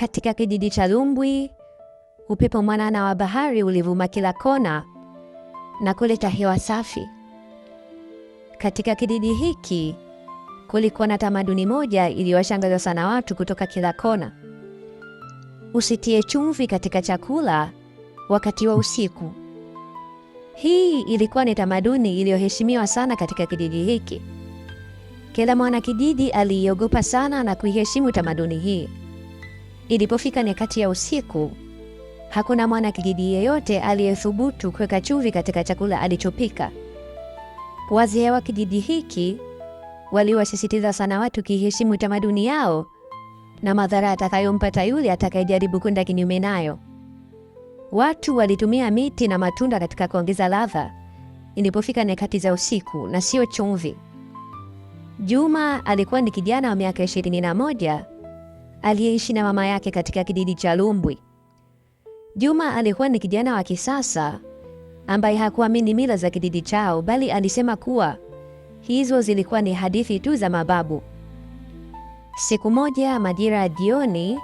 Katika kijiji cha Lumbwi, upepo mwanana wa bahari ulivuma kila kona na kuleta hewa safi. Katika kijiji hiki kulikuwa na tamaduni moja iliyowashangaza sana watu kutoka kila kona: usitie chumvi katika chakula wakati wa usiku. Hii ilikuwa ni tamaduni iliyoheshimiwa sana katika kijiji hiki. Kila mwana kijiji aliiogopa sana na kuiheshimu tamaduni hii. Ilipofika nyakati ya usiku, hakuna mwana kijiji yeyote aliyethubutu kuweka chumvi katika chakula alichopika. Wazee wa kijiji hiki waliwasisitiza sana watu kiheshimu tamaduni yao na madhara atakayompata yule atakayejaribu kwenda kinyume nayo. Watu walitumia miti na matunda katika kuongeza ladha ilipofika nyakati za usiku na sio chumvi. Juma alikuwa ni kijana wa miaka ishirini na moja aliyeishi na mama yake katika kijiji cha Lumbwi. Juma alikuwa ni kijana wa kisasa ambaye hakuamini mila za kijiji chao, bali alisema kuwa hizo zilikuwa ni hadithi tu za mababu. Siku moja majira ya jioni,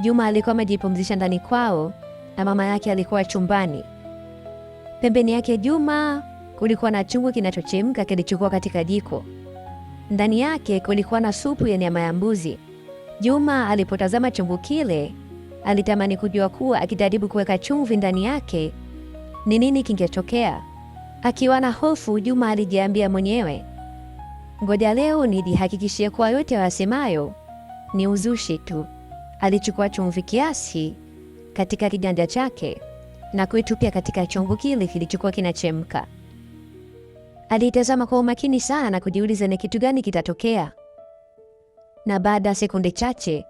Juma alikuwa amejipumzisha ndani kwao na mama yake alikuwa chumbani. Pembeni yake Juma kulikuwa na chungu kinachochemka kilichokuwa katika jiko. Ndani yake kulikuwa na supu ya nyama ya mbuzi. Juma alipotazama chungu kile, alitamani kujua kuwa akijaribu kuweka chumvi ndani yake ni nini kingetokea. Akiwa na hofu, Juma alijiambia mwenyewe, ngoja leo nijihakikishie kuwa yote wasemayo ni uzushi tu. Alichukua chumvi kiasi katika kiganja chake na kuitupia katika chungu kile kilichokuwa kinachemka. Aliitazama kwa umakini sana na kujiuliza ni kitu gani kitatokea na baada ya sekunde chache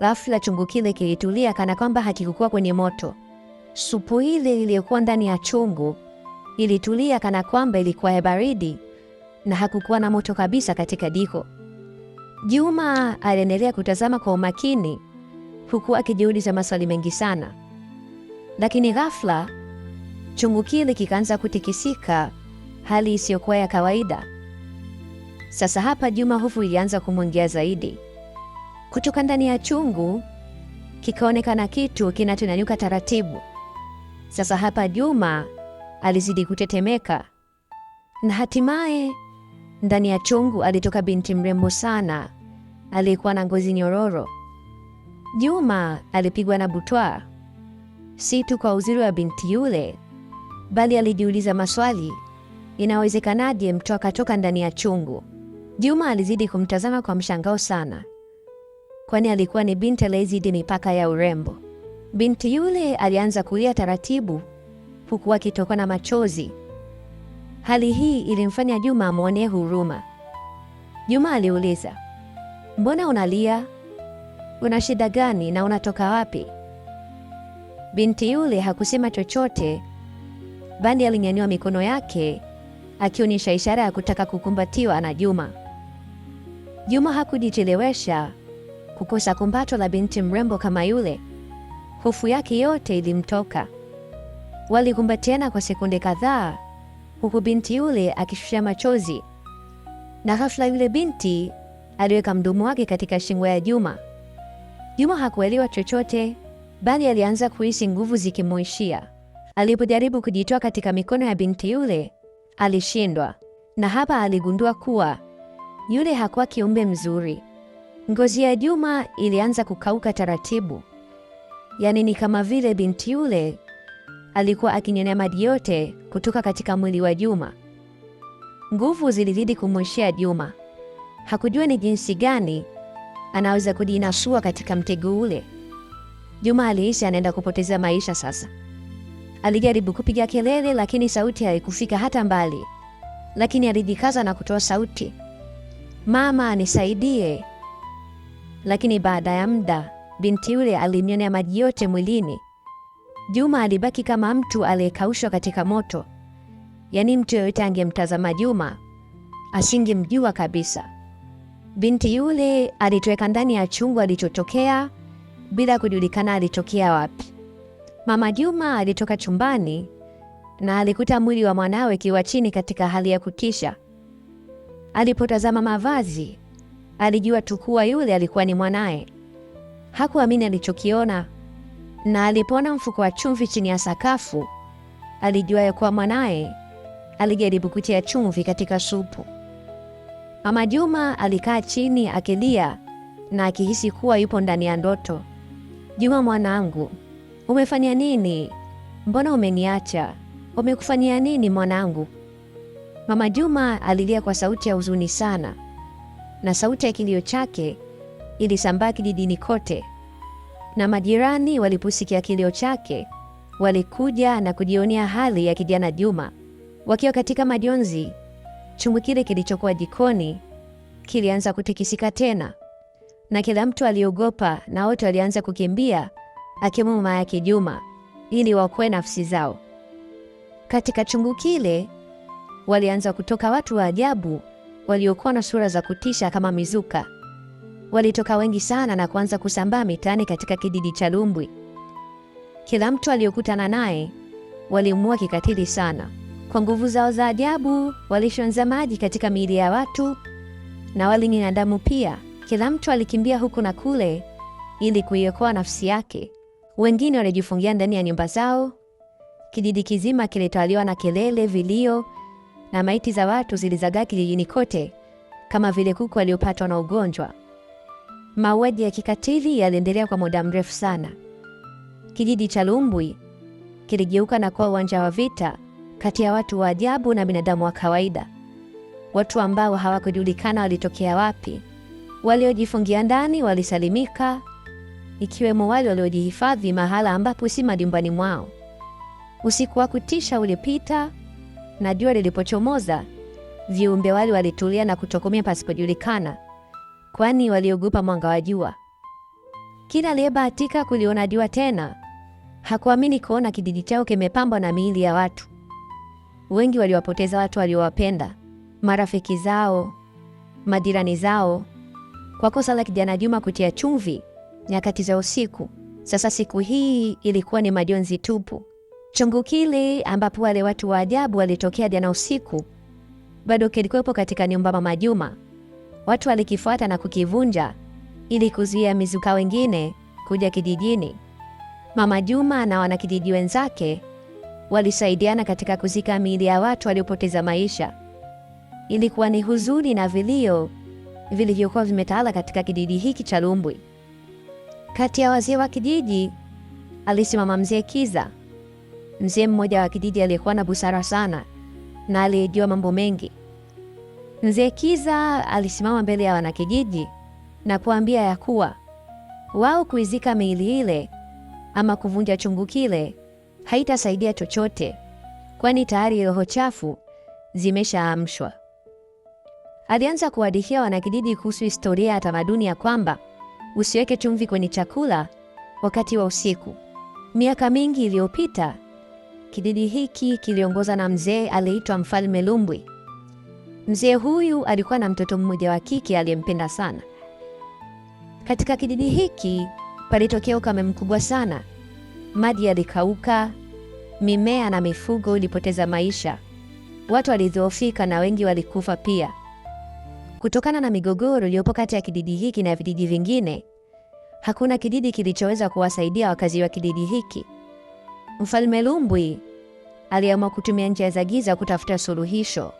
ghafla chungu kile kilitulia kana kwamba hakikukuwa kwenye moto. Supu ile iliyokuwa ndani ya chungu ilitulia kana kwamba ilikuwa ya baridi na hakukuwa na moto kabisa katika jiko. Juma aliendelea kutazama kwa umakini huku akijiuliza maswali mengi sana, lakini ghafla chungu kile kikaanza kutikisika, hali isiyokuwa ya kawaida. Sasa hapa Juma hofu ilianza kumwingia zaidi. Kutoka ndani ya chungu kikaonekana kitu kinachonyanyuka taratibu. Sasa hapa Juma alizidi kutetemeka, na hatimaye ndani ya chungu alitoka binti mrembo sana aliyekuwa na ngozi nyororo. Juma alipigwa na butwa, si tu kwa uzuri wa binti yule, bali alijiuliza maswali, inawezekanaje mtu akatoka ndani ya chungu? Juma alizidi kumtazama kwa mshangao sana, kwani alikuwa ni binti aliyezidi mipaka ya urembo. Binti yule alianza kulia taratibu, huku akitokwa na machozi. Hali hii ilimfanya Juma amwonee huruma. Juma aliuliza, mbona unalia? Una shida gani na unatoka wapi? Binti yule hakusema chochote, bali alinyanyua mikono yake akionyesha ishara ya kutaka kukumbatiwa na Juma. Juma hakujichelewesha kukosa kumbato la binti mrembo kama yule. Hofu yake yote ilimtoka. Walikumbatiana kwa sekunde kadhaa, huku binti yule akishusha machozi, na ghafla yule binti aliweka mdomo wake katika shingo ya Juma. Juma hakuelewa chochote, bali alianza kuhisi nguvu zikimuishia Alipojaribu kujitoa katika mikono ya binti yule, alishindwa, na hapa aligundua kuwa yule hakuwa kiumbe mzuri. Ngozi ya Juma ilianza kukauka taratibu, yaani ni kama vile binti yule alikuwa akinyonya maji yote kutoka katika mwili wa Juma. Nguvu zilizidi kumwishia Juma. Hakujua ni jinsi gani anaweza kujinasua katika mtego ule. Juma alihisi anaenda kupoteza maisha sasa. Alijaribu kupiga kelele, lakini sauti haikufika hata mbali, lakini alijikaza na kutoa sauti mama nisaidie. Lakini baada ya muda binti yule alinyonya maji yote mwilini. Juma alibaki kama mtu aliyekaushwa katika moto, yaani mtu yoyote angemtazama Juma asingemjua kabisa. Binti yule alitoweka ndani ya chungu alichotokea bila kujulikana alitokea wapi. Mama Juma alitoka chumbani na alikuta mwili wa mwanawe kiwa chini katika hali ya kutisha. Alipotazama mavazi, alijua tu kuwa yule alikuwa ni mwanaye. Hakuamini alichokiona, na alipoona mfuko wa chumvi chini ya sakafu, alijua ya kuwa mwanaye alijaribu kutia chumvi katika supu. Mama Juma alikaa chini akilia na akihisi kuwa yupo ndani ya ndoto. Juma mwanangu, umefanya nini? Mbona umeniacha? Umekufanyia nini mwanangu? Mama Juma alilia kwa sauti ya huzuni sana, na sauti ya kilio chake ilisambaa kijijini kote, na majirani waliposikia kilio chake walikuja na kujionea hali ya kijana Juma. Wakiwa katika majonzi, chungu kile kilichokuwa jikoni kilianza kutikisika tena, na kila mtu aliogopa, na wote walianza kukimbia, akiwemo mama yake Juma, ili waokoe nafsi zao katika chungu kile walianza kutoka watu wa ajabu waliokuwa na sura za kutisha kama mizuka. Walitoka wengi sana na kuanza kusambaa mitaani katika kijiji cha Lumbwi. Kila mtu aliyokutana naye walimua kikatili sana. Kwa nguvu zao za ajabu walishonza maji katika miili ya watu na walinyina damu pia. Kila mtu alikimbia huku na kule ili kuiokoa nafsi yake. Wengine walijifungia ndani ya nyumba zao. Kijiji kizima kilitawaliwa na kelele, vilio na maiti za watu zilizagaa kijijini kote kama vile kuku waliopatwa na ugonjwa. Mauaji ya kikatili yaliendelea kwa muda mrefu sana. Kijiji cha Lumbwi kiligeuka na kuwa uwanja wa vita kati ya watu wa ajabu na binadamu wa kawaida, watu ambao hawakujulikana walitokea wapi. Waliojifungia ndani walisalimika, ikiwemo wale waliojihifadhi mahala ambapo si majumbani mwao. Usiku wa kutisha ulipita, na jua lilipochomoza viumbe wale walitulia na kutokomea pasipojulikana, kwani waliogopa mwanga wa jua. Kila aliyebahatika kuliona jua tena hakuamini kuona kijiji chao kimepambwa na miili ya watu. Wengi waliwapoteza watu waliowapenda, marafiki zao, majirani zao, kwa kosa la kijana Juma kutia chumvi nyakati za usiku. Sasa siku hii ilikuwa ni majonzi tupu chungu kile ambapo wale watu wa ajabu walitokea jana usiku bado kilikuwepo katika nyumba Mama Juma. Watu walikifuata na kukivunja ili kuzuia mizuka wengine kuja kijijini. Mama Juma na wanakijiji wenzake walisaidiana katika kuzika miili ya watu waliopoteza maisha. Ilikuwa ni huzuni na vilio vilivyokuwa vimetawala katika kijiji hiki cha Lumbwi. Kati ya wazee wa kijiji alisimama mzee Kiza Mzee mmoja wa kijiji aliyekuwa na busara sana na aliyejua mambo mengi. Mzee Kiza alisimama mbele ya wanakijiji na kuambia ya kuwa wao kuizika miili ile ama kuvunja chungu kile haitasaidia chochote, kwani tayari roho chafu zimeshaamshwa. Alianza kuwadihia wanakijiji kuhusu historia ya tamaduni ya kwamba usiweke chumvi kwenye chakula wakati wa usiku. Miaka mingi iliyopita Kijiji hiki kiliongoza na mzee aliitwa Mfalme Lumbwi. Mzee huyu alikuwa na mtoto mmoja wa kike aliyempenda sana. Katika kijiji hiki palitokea ukame mkubwa sana, maji yalikauka, mimea na mifugo ilipoteza maisha, watu walidhoofika na wengi walikufa pia. Kutokana na migogoro iliyopo kati ya kijiji hiki na vijiji vingine, hakuna kijiji kilichoweza kuwasaidia wakazi wa kijiji hiki. Mfalme Lumbwi aliamua kutumia njia za giza kutafuta suluhisho.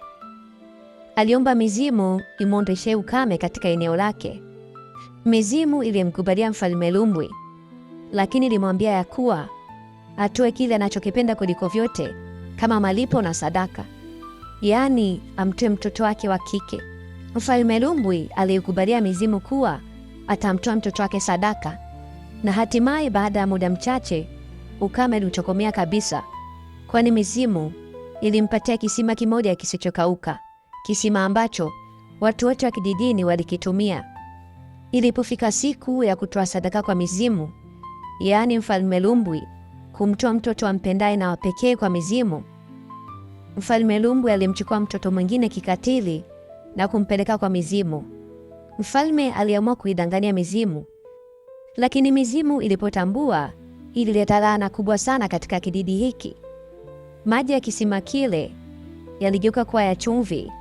Aliomba mizimu imwondeshe ukame katika eneo lake. Mizimu ilimkubalia Mfalme Lumbwi, lakini ilimwambia ya kuwa atoe kile anachokipenda kuliko vyote kama malipo na sadaka, yaani amtoe mtoto wake wa kike. Mfalme Lumbwi alikubalia mizimu kuwa atamtoa mtoto wake sadaka, na hatimaye baada ya muda mchache ukame ulimchokomea kabisa, kwani mizimu ilimpatia kisima kimoja kisichokauka, kisima ambacho watu wote wa kijijini walikitumia. Ilipofika siku ya kutoa sadaka kwa mizimu, yaani Mfalme Lumbwi kumtoa mtoto ampendaye na wapekee kwa mizimu, Mfalme Lumbwi alimchukua mtoto mwingine kikatili na kumpeleka kwa mizimu. Mfalme aliamua kuidangania mizimu, lakini mizimu ilipotambua ilileta laana kubwa sana katika kijiji hiki. Maji ya kisima kile yaligeuka kuwa ya chumvi,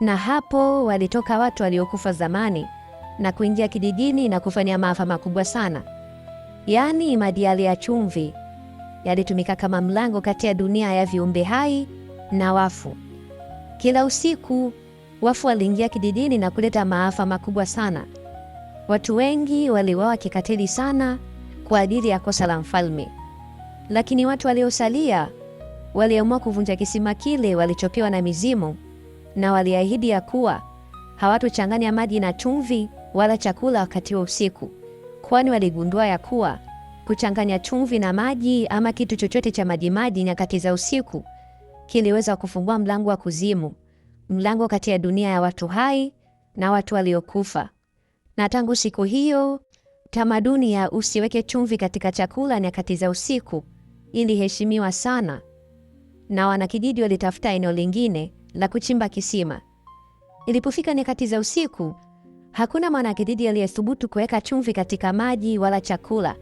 na hapo walitoka watu waliokufa zamani na kuingia kijijini na kufanya maafa makubwa sana. Yaani, maji yale ya chumvi yalitumika kama mlango kati ya dunia ya viumbe hai na wafu. Kila usiku wafu waliingia kijijini na kuleta maafa makubwa sana. Watu wengi waliuawa kikatili sana kwa ajili ya kosa la mfalme, lakini watu waliosalia waliamua kuvunja kisima kile walichopewa na mizimu, na waliahidi ya kuwa hawatochanganya maji na chumvi wala chakula wakati wa usiku, kwani waligundua ya kuwa kuchanganya chumvi na maji ama kitu chochote cha maji maji nyakati za usiku kiliweza kufungua mlango wa kuzimu, mlango kati ya dunia ya watu hai na watu waliokufa. Na tangu siku hiyo Tamaduni ya usiweke chumvi katika chakula nyakati za usiku iliheshimiwa sana, na wanakijiji walitafuta eneo lingine la kuchimba kisima. Ilipofika nyakati za usiku, hakuna mwanakijiji aliyethubutu kuweka chumvi katika maji wala chakula.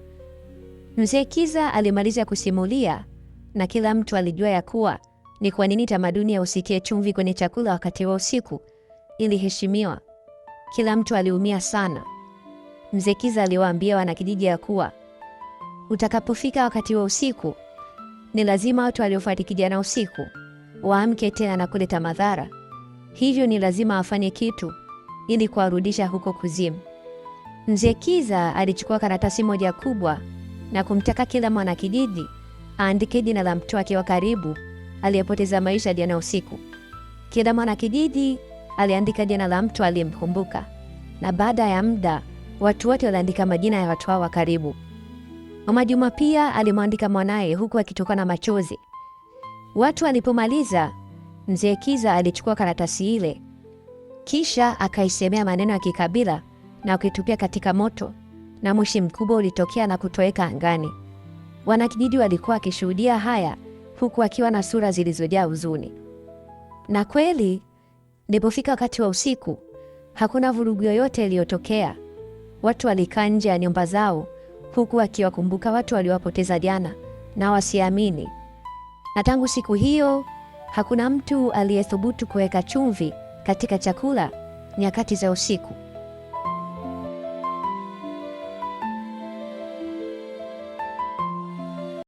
Mzee Kiza alimaliza kusimulia na kila mtu alijua ya kuwa ni kwa nini tamaduni ya usikie chumvi kwenye chakula wakati wa usiku iliheshimiwa. Kila mtu aliumia sana. Mzee Kiza aliwaambia wanakijiji ya kuwa utakapofika wakati wa usiku, ni lazima watu waliofariki jana usiku waamke tena na kuleta madhara, hivyo ni lazima afanye kitu ili kuwarudisha huko kuzimu. Mzee Kiza alichukua karatasi moja kubwa na kumtaka kila mwanakijiji aandike jina la mtu wake wa karibu aliyepoteza maisha jana usiku. Kila mwanakijiji aliandika jina la mtu aliyemkumbuka, na baada ya muda Watu wote waliandika majina ya watu hao wa karibu. Mama Juma pia alimwandika mwanaye huku akitokwa na machozi. Watu walipomaliza, mzee Kiza alichukua karatasi ile, kisha akaisemea maneno ya kikabila na kuitupia katika moto, na moshi mkubwa ulitokea na kutoweka angani. Wanakijiji walikuwa wakishuhudia haya huku akiwa na sura zilizojaa huzuni. Na kweli ndipofika wakati wa usiku, hakuna vurugu yoyote iliyotokea. Watu walikaa nje ya nyumba zao huku wakiwakumbuka watu waliowapoteza jana na wasiamini. Na tangu siku hiyo hakuna mtu aliyethubutu kuweka chumvi katika chakula nyakati za usiku.